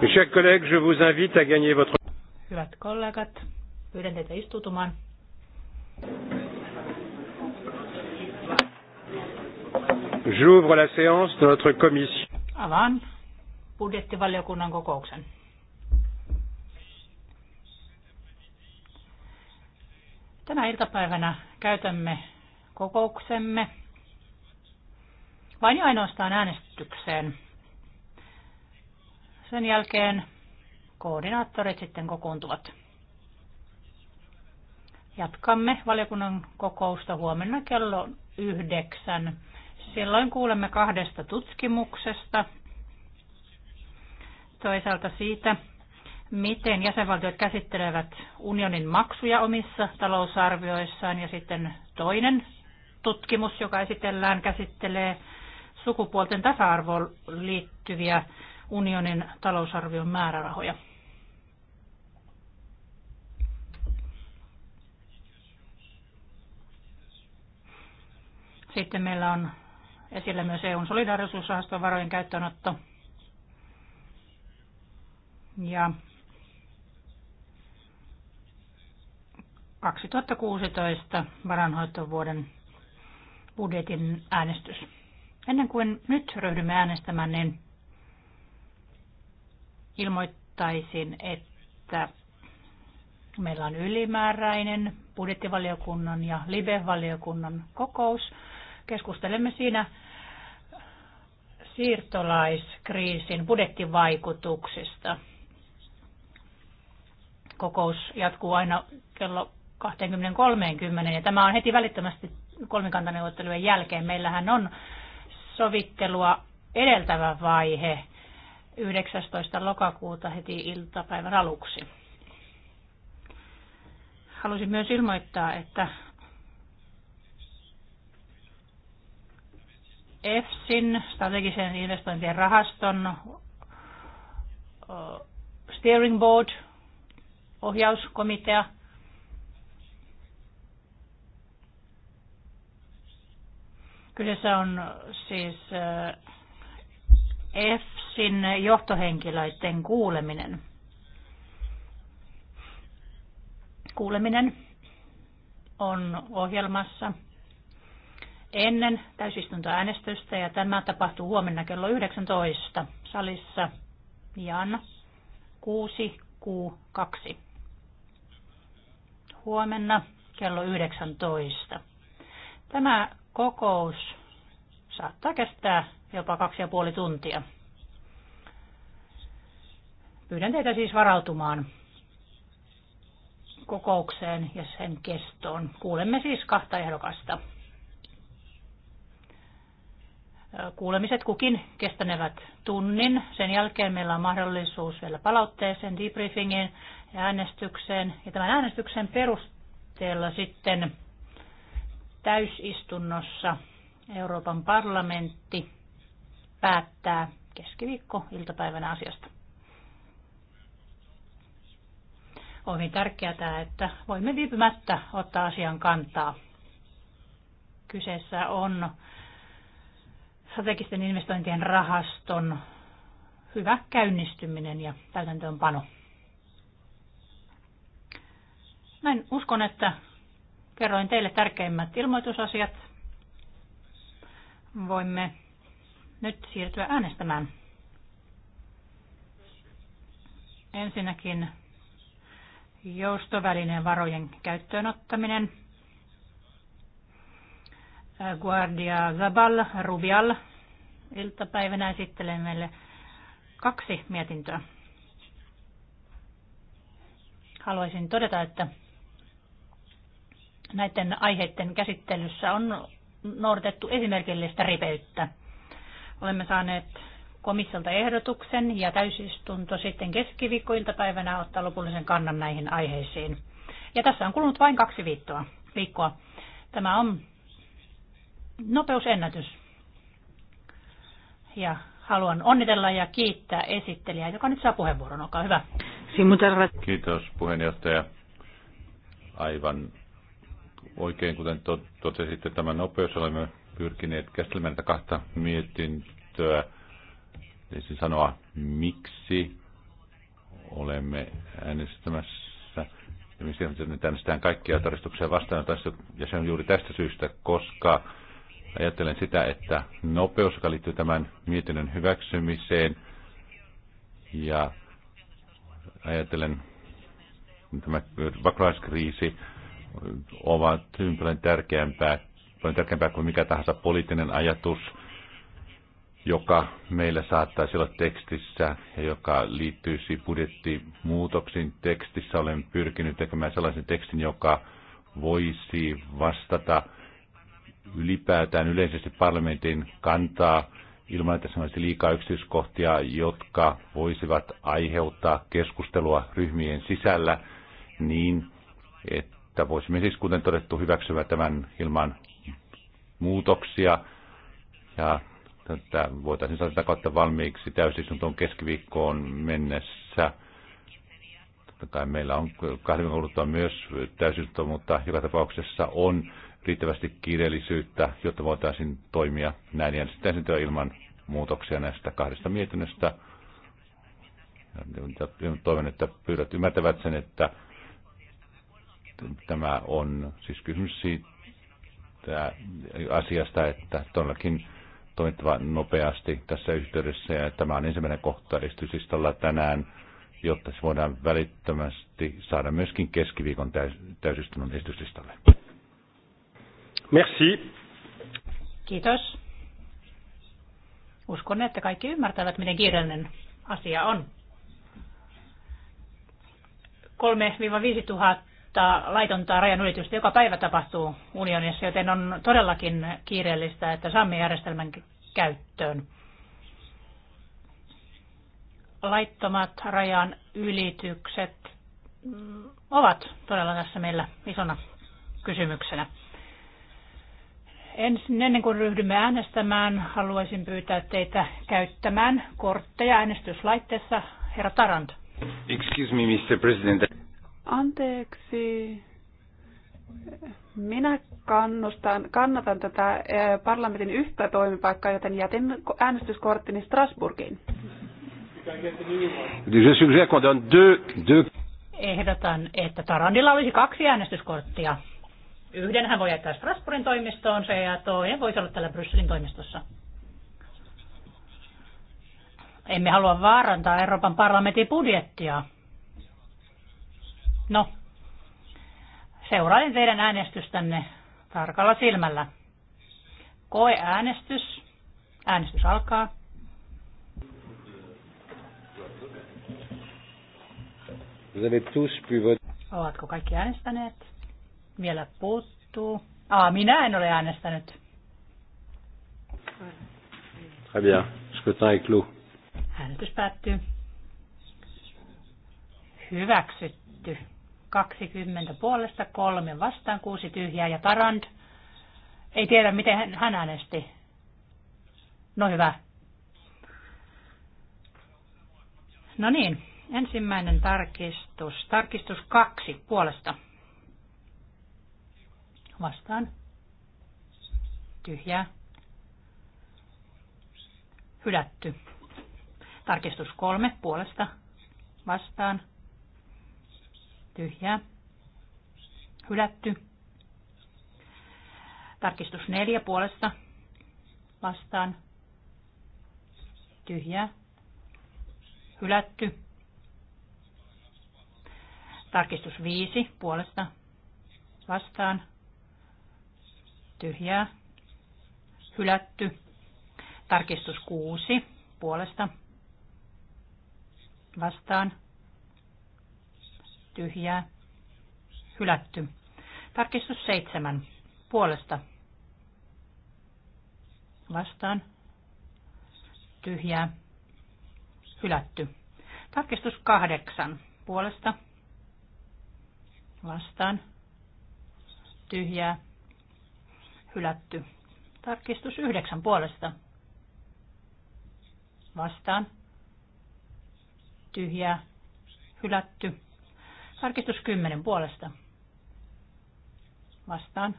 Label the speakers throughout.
Speaker 1: Mes chers collègues, je vous invite à gagner votre... Hyvät
Speaker 2: kollegat, pyydän teitä istutumaan.
Speaker 1: J'ouvre la séance de notre commission.
Speaker 2: Avaan budjettivaliokunnan kokouksen. Tänä iltapäivänä käytämme kokouksemme vain ja ainoastaan äänestykseen. Sen jälkeen koordinaattorit sitten kokoontuvat. Jatkamme valiokunnan kokousta huomenna kello yhdeksän. Silloin kuulemme kahdesta tutkimuksesta. Toisaalta siitä, miten jäsenvaltiot käsittelevät unionin maksuja omissa talousarvioissaan. Ja sitten toinen tutkimus, joka esitellään, käsittelee sukupuolten tasa-arvoon liittyviä unionin talousarvion määrärahoja. Sitten meillä on esillä myös EUn solidaarisuusrahaston varojen käyttöönotto. Ja 2016 varanhoitovuoden budjetin äänestys. Ennen kuin nyt ryhdymme äänestämään, niin ilmoittaisin, että meillä on ylimääräinen budjettivaliokunnan ja live-valiokunnan kokous. Keskustelemme siinä siirtolaiskriisin budjettivaikutuksista. Kokous jatkuu aina kello 20-30 ja tämä on heti välittömästi kolmikantaneuvottelujen jälkeen. Meillähän on sovittelua edeltävä vaihe 19. lokakuuta heti iltapäivän aluksi. Halusin myös ilmoittaa, että EFSin, strategisen investointien rahaston steering board, ohjauskomitea – Kyseessä on siis EFSin äh, johtohenkilöiden kuuleminen. Kuuleminen on ohjelmassa ennen täysistuntoäänestystä ja tämä tapahtuu huomenna kello 19 salissa Jan 6Q2. Huomenna kello 19. Tämä kokous saattaa kestää jopa kaksi ja puoli tuntia. Pyydän teitä siis varautumaan kokoukseen ja sen kestoon. Kuulemme siis kahta ehdokasta. Kuulemiset kukin kestänevät tunnin. Sen jälkeen meillä on mahdollisuus vielä palautteeseen, debriefingiin ja äänestykseen. Ja tämän äänestyksen perusteella sitten täysistunnossa Euroopan parlamentti päättää keskiviikko-iltapäivänä asiasta. On hyvin tärkeää, että voimme viipymättä ottaa asian kantaa. Kyseessä on strategisten investointien rahaston hyvä käynnistyminen ja täytäntöönpano. Näin uskon, että Kerroin teille tärkeimmät ilmoitusasiat. Voimme nyt siirtyä äänestämään. Ensinnäkin joustovälineen varojen käyttöönottaminen. Guardia Zabal Rubial iltapäivänä esittelee meille kaksi mietintöä. Haluaisin todeta, että näiden aiheiden käsittelyssä on noudatettu esimerkillistä ripeyttä. Olemme saaneet komissiolta ehdotuksen ja täysistunto sitten keskiviikkoiltapäivänä ottaa lopullisen kannan näihin aiheisiin. Ja tässä on kulunut vain kaksi viikkoa. viikkoa. Tämä on nopeusennätys. Ja haluan onnitella ja kiittää esittelijää, joka nyt saa puheenvuoron. Olkaa hyvä.
Speaker 1: Kiitos puheenjohtaja. Aivan oikein, kuten totesitte, tämä nopeus olemme pyrkineet käsittelemään tätä kahta mietintöä, eli sanoa miksi olemme äänestämässä, ja miksi nyt äänestetään kaikkia tarkistuksia vastaan ja se on juuri tästä syystä, koska ajattelen sitä, että nopeus, joka liittyy tämän mietinnön hyväksymiseen, ja ajattelen tämä pakolaiskriisi, ovat hyvin paljon tärkeämpää, paljon tärkeämpää kuin mikä tahansa poliittinen ajatus, joka meillä saattaisi olla tekstissä ja joka liittyisi budjettimuutoksiin tekstissä. Olen pyrkinyt tekemään sellaisen tekstin, joka voisi vastata ylipäätään yleisesti parlamentin kantaa ilman, että se olisi liikaa yksityiskohtia, jotka voisivat aiheuttaa keskustelua ryhmien sisällä niin, että että voisimme siis, kuten todettu, hyväksyä tämän ilman muutoksia. Ja että voitaisiin saada tätä kautta valmiiksi täysistuntoon keskiviikkoon mennessä. Kai meillä on kahden viikon kuluttua myös täysistunto, mutta joka tapauksessa on riittävästi kiireellisyyttä, jotta voitaisiin toimia näin ja sitten ilman muutoksia näistä kahdesta mietinnöstä. Toivon, että pyydät ymmärtävät sen, että Tämä on siis kysymys siitä asiasta, että todellakin toimittava nopeasti tässä yhteydessä. Ja tämä on ensimmäinen kohta esityslistalla tänään, jotta se voidaan välittömästi saada myöskin keskiviikon täys- täysistunnon esityslistalle. Merci. Kiitos.
Speaker 2: Uskon, että kaikki ymmärtävät, miten kiireellinen asia on. 3-5 000 laitonta, laitonta rajanylitystä joka päivä tapahtuu unionissa, joten on todellakin kiireellistä, että saamme järjestelmän käyttöön. Laittomat rajan ylitykset mm, ovat todella tässä meillä isona kysymyksenä. Ensin, ennen kuin ryhdymme äänestämään, haluaisin pyytää teitä käyttämään kortteja äänestyslaitteessa. Herra
Speaker 3: Tarant.
Speaker 1: Excuse me, Mr. President.
Speaker 3: Anteeksi. Minä kannustan, kannatan tätä eh, parlamentin yhtä toimipaikkaa, joten jätin äänestyskorttini Strasburgiin.
Speaker 2: Ehdotan, että Tarandilla olisi kaksi äänestyskorttia. Yhden hän voi jättää Strasbourgin toimistoonsa ja toinen voisi olla täällä Brysselin toimistossa. Emme halua vaarantaa Euroopan parlamentin budjettia. No, seurailin teidän äänestystänne tarkalla silmällä. Koeäänestys. Äänestys alkaa. Ovatko kaikki äänestäneet? Vielä puuttuu. Ah, minä en ole äänestänyt.
Speaker 1: Très bien.
Speaker 2: Äänestys päättyy. Hyväksytty. 20 puolesta, kolme vastaan, kuusi tyhjää ja Tarand. Ei tiedä, miten hän äänesti. No hyvä. No niin, ensimmäinen tarkistus. Tarkistus kaksi puolesta. Vastaan. Tyhjää. Hylätty. Tarkistus kolme puolesta. Vastaan tyhjää, hylätty. Tarkistus neljä puolesta vastaan, tyhjää, hylätty. Tarkistus viisi puolesta vastaan, tyhjää, hylätty. Tarkistus kuusi puolesta vastaan, tyhjää, hylätty. Tarkistus seitsemän, puolesta, vastaan, tyhjää, hylätty. Tarkistus kahdeksan, puolesta, vastaan, tyhjää, hylätty. Tarkistus yhdeksän puolesta. Vastaan. Tyhjää. Hylätty. Tarkistus 10 puolesta. Vastaan.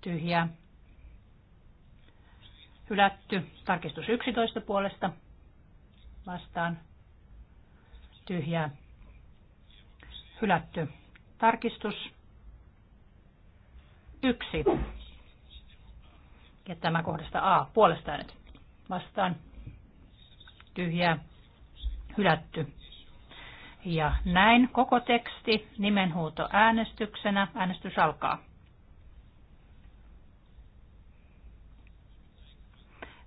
Speaker 2: Tyhjää. Hylätty. Tarkistus 11 puolesta. Vastaan. Tyhjää. Hylätty. Tarkistus yksi, Ja tämä kohdasta A. Puolesta Vastaan. Tyhjää. Hylätty. Ja näin koko teksti nimenhuuto äänestyksenä. Äänestys alkaa.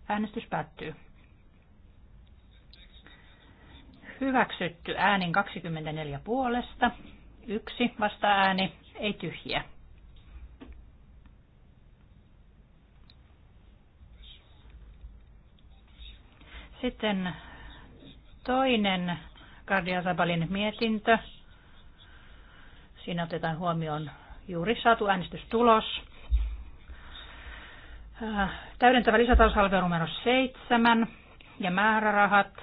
Speaker 2: Äänestys päättyy. Hyväksytty äänin 24 puolesta. Yksi vasta ääni, ei tyhjiä. Sitten toinen Kardia Sabalin mietintö. Siinä otetaan huomioon juuri saatu äänestystulos. Äh, täydentävä lisätalousarvio numero 7 ja määrärahat,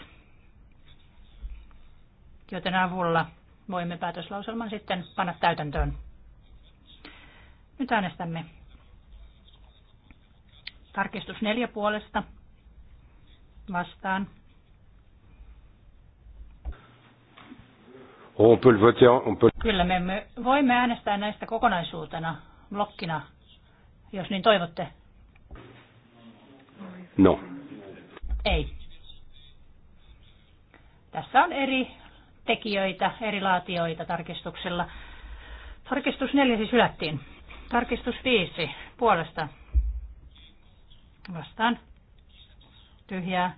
Speaker 2: joten avulla voimme päätöslauselman sitten panna täytäntöön. Nyt äänestämme. Tarkistus neljä puolesta vastaan
Speaker 1: On peut le voter, on peut... Kyllä me, me
Speaker 2: voimme äänestää näistä kokonaisuutena, blokkina, jos niin toivotte. No. Ei. Tässä on eri tekijöitä, eri laatioita tarkistuksella. Tarkistus 4 siis hylättiin. Tarkistus 5 puolesta. Vastaan. Tyhjää.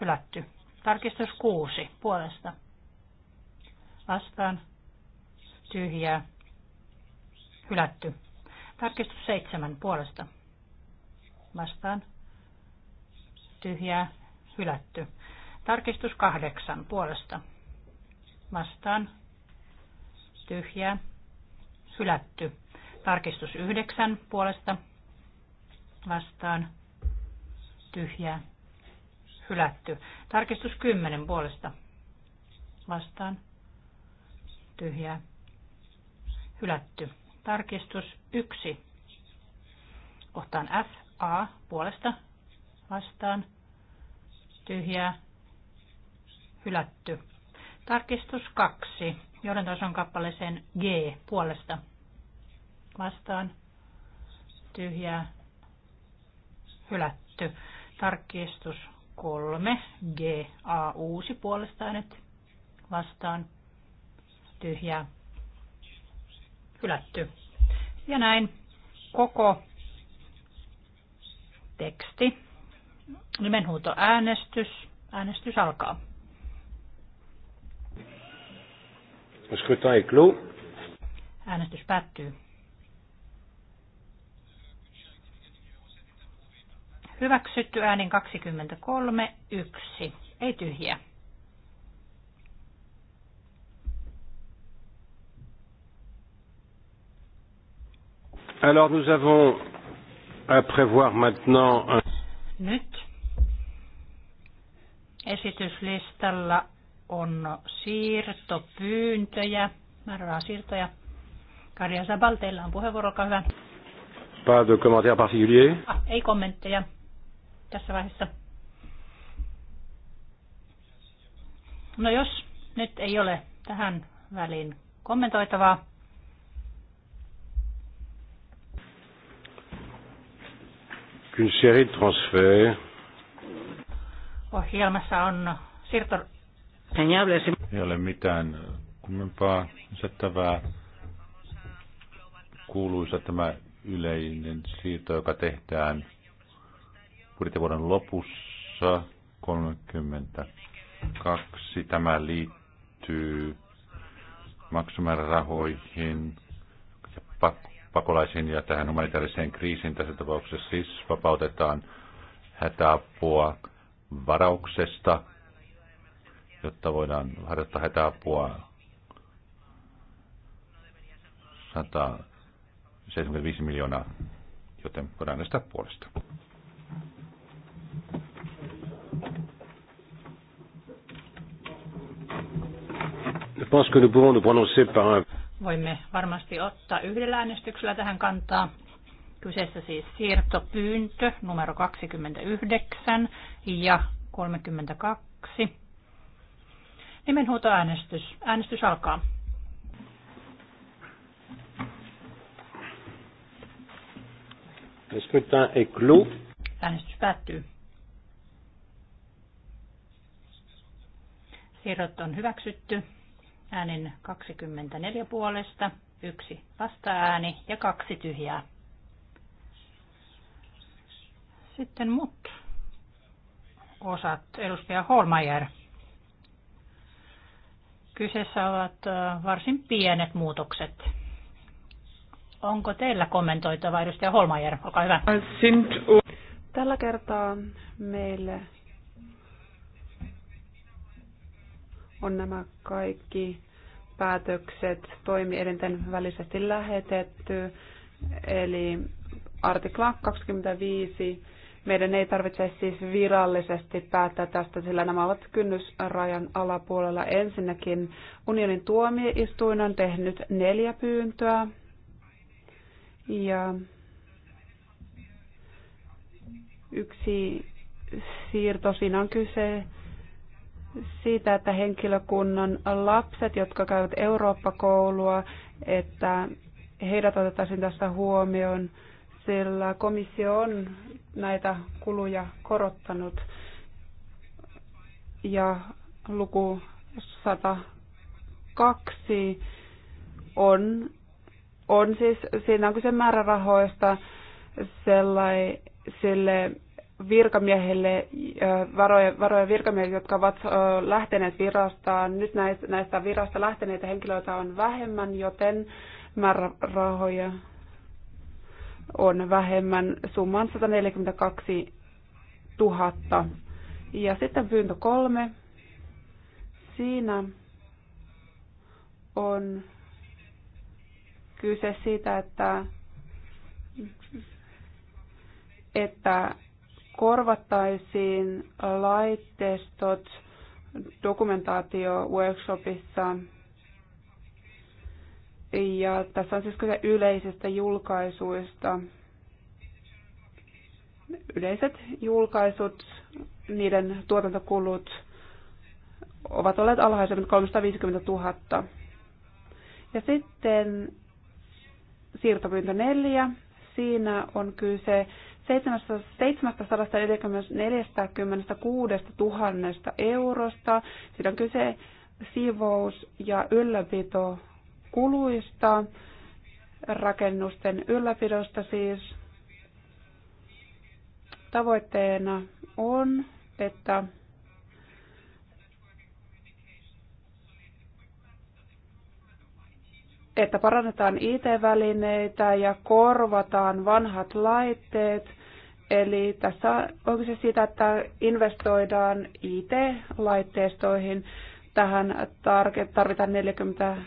Speaker 2: Hylätty. Tarkistus 6 puolesta vastaan tyhjää hylätty. Tarkistus seitsemän puolesta vastaan tyhjää hylätty. Tarkistus kahdeksan puolesta vastaan tyhjää hylätty. Tarkistus yhdeksän puolesta vastaan tyhjää hylätty. Tarkistus kymmenen puolesta vastaan tyhjää hylätty. Tarkistus 1. Kohtaan F, A puolesta vastaan tyhjää hylätty. Tarkistus 2. Johdantason kappaleeseen G puolesta vastaan tyhjää hylätty. Tarkistus 3. G, A uusi puolesta nyt vastaan tyhjää hylätty. Ja näin koko teksti. Nimenhuuto äänestys. Äänestys alkaa. Äänestys päättyy. Hyväksytty äänin 23, 1. Ei tyhjiä.
Speaker 1: Alors nous avons à prévoir maintenant un...
Speaker 2: Nyt esityslistalla on siirtopyyntöjä, siirtoja. Karja Sabal, teillä on puheenvuoro, olkaa hyvä.
Speaker 1: Pas de commentaire particulier.
Speaker 2: Ah, ei kommentteja tässä vaiheessa. No jos nyt ei ole tähän väliin kommentoitavaa,
Speaker 1: qu'une série de transferts
Speaker 2: Ohjelmassa on siirto...
Speaker 1: Ei ole mitään kummempaa lisättävää. Kuuluisa tämä yleinen siirto, joka tehdään budjettivuoden lopussa 32. Tämä liittyy maksumäärärahoihin ja pakko pakolaisiin ja tähän humanitaariseen kriisiin. Tässä tapauksessa siis vapautetaan hätäapua varauksesta, jotta voidaan harjoittaa hätäapua 175 miljoonaa, joten voidaan näistä puolesta. Je pense que nous pouvons nous prononcer par un
Speaker 2: Voimme varmasti ottaa yhdellä äänestyksellä tähän kantaa. Kyseessä siis siirtopyyntö numero 29 ja 32. Nimenhuutoäänestys. Äänestys alkaa. Äänestys päättyy. Siirrot on hyväksytty äänin 24 puolesta, yksi vastaääni ja kaksi tyhjää. Sitten mut osat, edustaja Holmajer. Kyseessä ovat varsin pienet muutokset. Onko teillä kommentoitava edustaja Holmajer? Olkaa hyvä.
Speaker 3: Tällä kertaa meille on nämä kaikki päätökset toimielinten välisesti lähetetty. Eli artikla 25. Meidän ei tarvitse siis virallisesti päättää tästä, sillä nämä ovat kynnysrajan alapuolella. Ensinnäkin unionin tuomioistuin on tehnyt neljä pyyntöä. Ja yksi siirto, siinä on kyse siitä, että henkilökunnan lapset, jotka käyvät Eurooppa-koulua, että heidät otettaisiin tässä huomioon, sillä komissio on näitä kuluja korottanut ja luku 102 on, on siis, siinä on kyse määrärahoista sellaisille virkamiehille, varojen, varojen virkamiehille, jotka ovat lähteneet virastaan. Nyt näistä virasta lähteneitä henkilöitä on vähemmän, joten määrärahoja on vähemmän. Summa on 142 000. Ja sitten pyyntö kolme. Siinä on kyse siitä, että, että korvattaisiin laitteistot dokumentaatio-workshopissa. Ja tässä on siis kyse yleisistä julkaisuista. Yleiset julkaisut, niiden tuotantokulut ovat olleet alhaisemmat 350 000. Ja sitten siirtopyyntö neljä Siinä on kyse 746 000 eurosta. Siinä on kyse siivous- ja ylläpitokuluista, rakennusten ylläpidosta siis. Tavoitteena on, että että parannetaan IT-välineitä ja korvataan vanhat laitteet – Eli tässä on kyse siitä, että investoidaan IT-laitteistoihin. Tähän tarvitaan 46,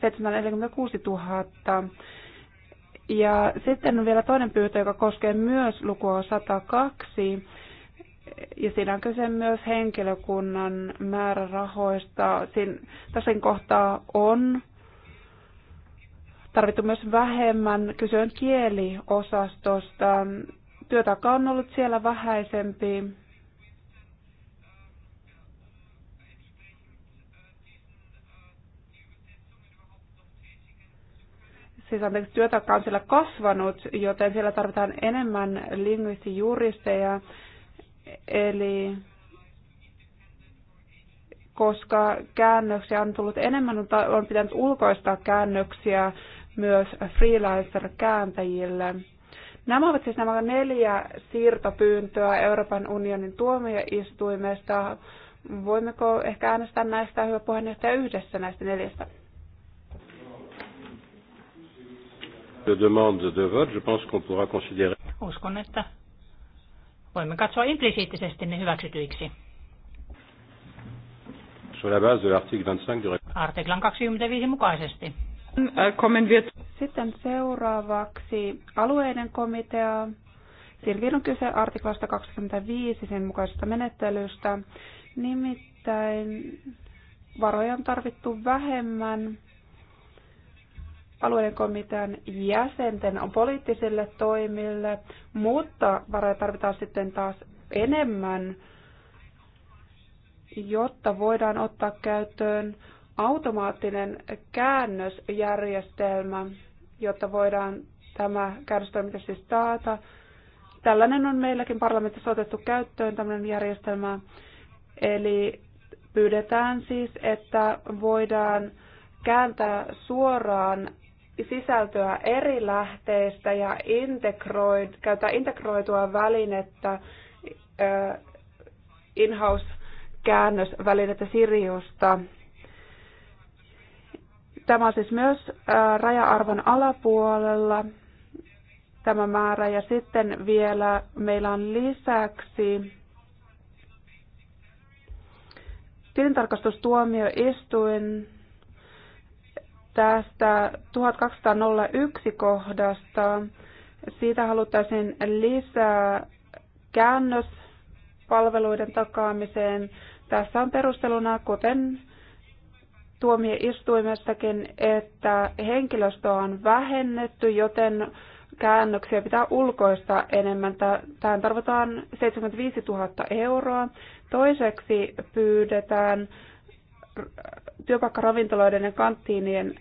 Speaker 3: 746 000. Ja sitten on vielä toinen pyyntö, joka koskee myös lukua 102. Ja siinä on kyse myös henkilökunnan määrärahoista. Siin, tässä kohtaa on tarvittu myös vähemmän. Kyse kieliosastosta. Työtaakka on ollut siellä vähäisempi. siis anteeksi, työtaakka on siellä kasvanut, joten siellä tarvitaan enemmän lingvistijuristeja, eli koska käännöksiä on tullut enemmän, on pitänyt ulkoistaa käännöksiä myös freelancer-kääntäjille. Nämä ovat siis nämä neljä siirtopyyntöä Euroopan unionin tuomioistuimesta. Voimmeko ehkä äänestää näistä, hyvä puheenjohtaja, yhdessä näistä neljästä?
Speaker 2: Uskon, että voimme katsoa implisiittisesti ne hyväksytyiksi.
Speaker 1: Sur la base de l'article 25 du
Speaker 2: Artiklan 25 mukaisesti.
Speaker 3: Sitten seuraavaksi alueiden komitea. Silviin on kyse artiklasta 25 sen mukaisesta menettelystä. Nimittäin varoja on tarvittu vähemmän. Alueiden komitean jäsenten on poliittisille toimille, mutta varoja tarvitaan sitten taas enemmän, jotta voidaan ottaa käyttöön automaattinen käännösjärjestelmä, jotta voidaan tämä käännöstoiminta siis taata. Tällainen on meilläkin parlamentissa otettu käyttöön tämmöinen järjestelmä. Eli pyydetään siis, että voidaan kääntää suoraan sisältöä eri lähteistä ja integroid, käyttää integroitua välinettä, in-house käännösvälinettä Siriusta. Tämä on siis myös raja-arvon alapuolella tämä määrä. Ja sitten vielä meillä on lisäksi tilintarkastustuomioistuin tästä 1201 kohdasta. Siitä haluttaisiin lisää käännöspalveluiden takaamiseen. Tässä on perusteluna, kuten tuomioistuimestakin, että henkilöstöä on vähennetty, joten käännöksiä pitää ulkoista enemmän. Tähän tarvitaan 75 000 euroa. Toiseksi pyydetään työpaikkaravintoloiden ja kanttiinien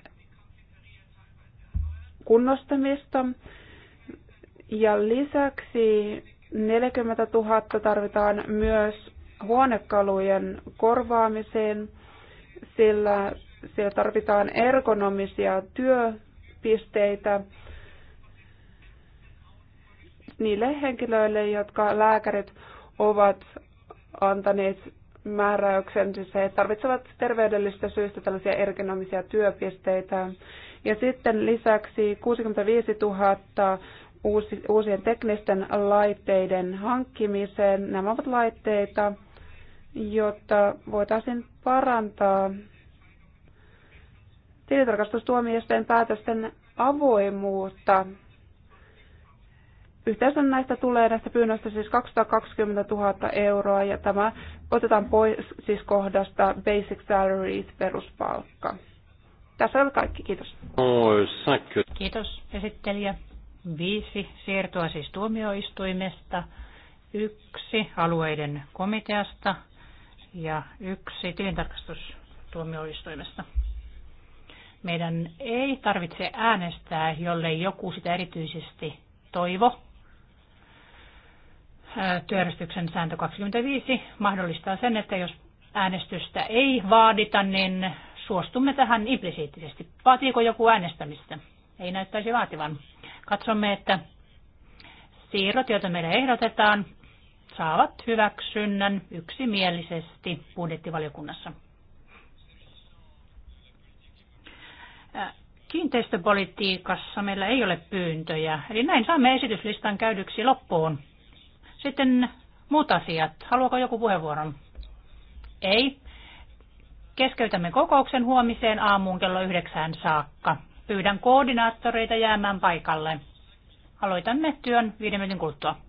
Speaker 3: kunnostamista. Ja lisäksi 40 000 tarvitaan myös huonekalujen korvaamiseen – sillä siellä tarvitaan ergonomisia työpisteitä niille henkilöille, jotka lääkärit ovat antaneet määräyksen, siis he tarvitsevat terveydellisistä syistä tällaisia ergonomisia työpisteitä. Ja sitten lisäksi 65 000 uusien teknisten laitteiden hankkimiseen. Nämä ovat laitteita, jotta voitaisiin parantaa tilitarkastustuomioistuimen päätösten avoimuutta. Yhteensä näistä tulee näistä pyynnöistä siis 220 000 euroa ja tämä otetaan pois siis kohdasta Basic Salaries peruspalkka. Tässä on kaikki, kiitos. Kiitos esittelijä. Viisi
Speaker 2: siirtoa siis tuomioistuimesta, yksi alueiden komiteasta, ja yksi tilintarkastus tuomioistuimesta. Meidän ei tarvitse äänestää, jollei joku sitä erityisesti toivo. Työjärjestyksen sääntö 25 mahdollistaa sen, että jos äänestystä ei vaadita, niin suostumme tähän implisiittisesti. Vaatiiko joku äänestämistä? Ei näyttäisi vaativan. Katsomme, että siirrot, joita meille ehdotetaan, saavat hyväksynnän yksimielisesti budjettivaliokunnassa. Äh, kiinteistöpolitiikassa meillä ei ole pyyntöjä, eli näin saamme esityslistan käydyksi loppuun. Sitten muut asiat. Haluaako joku puheenvuoron? Ei. Keskeytämme kokouksen huomiseen aamuun kello yhdeksään saakka. Pyydän koordinaattoreita jäämään paikalle. Aloitamme työn viiden minuutin kuluttua.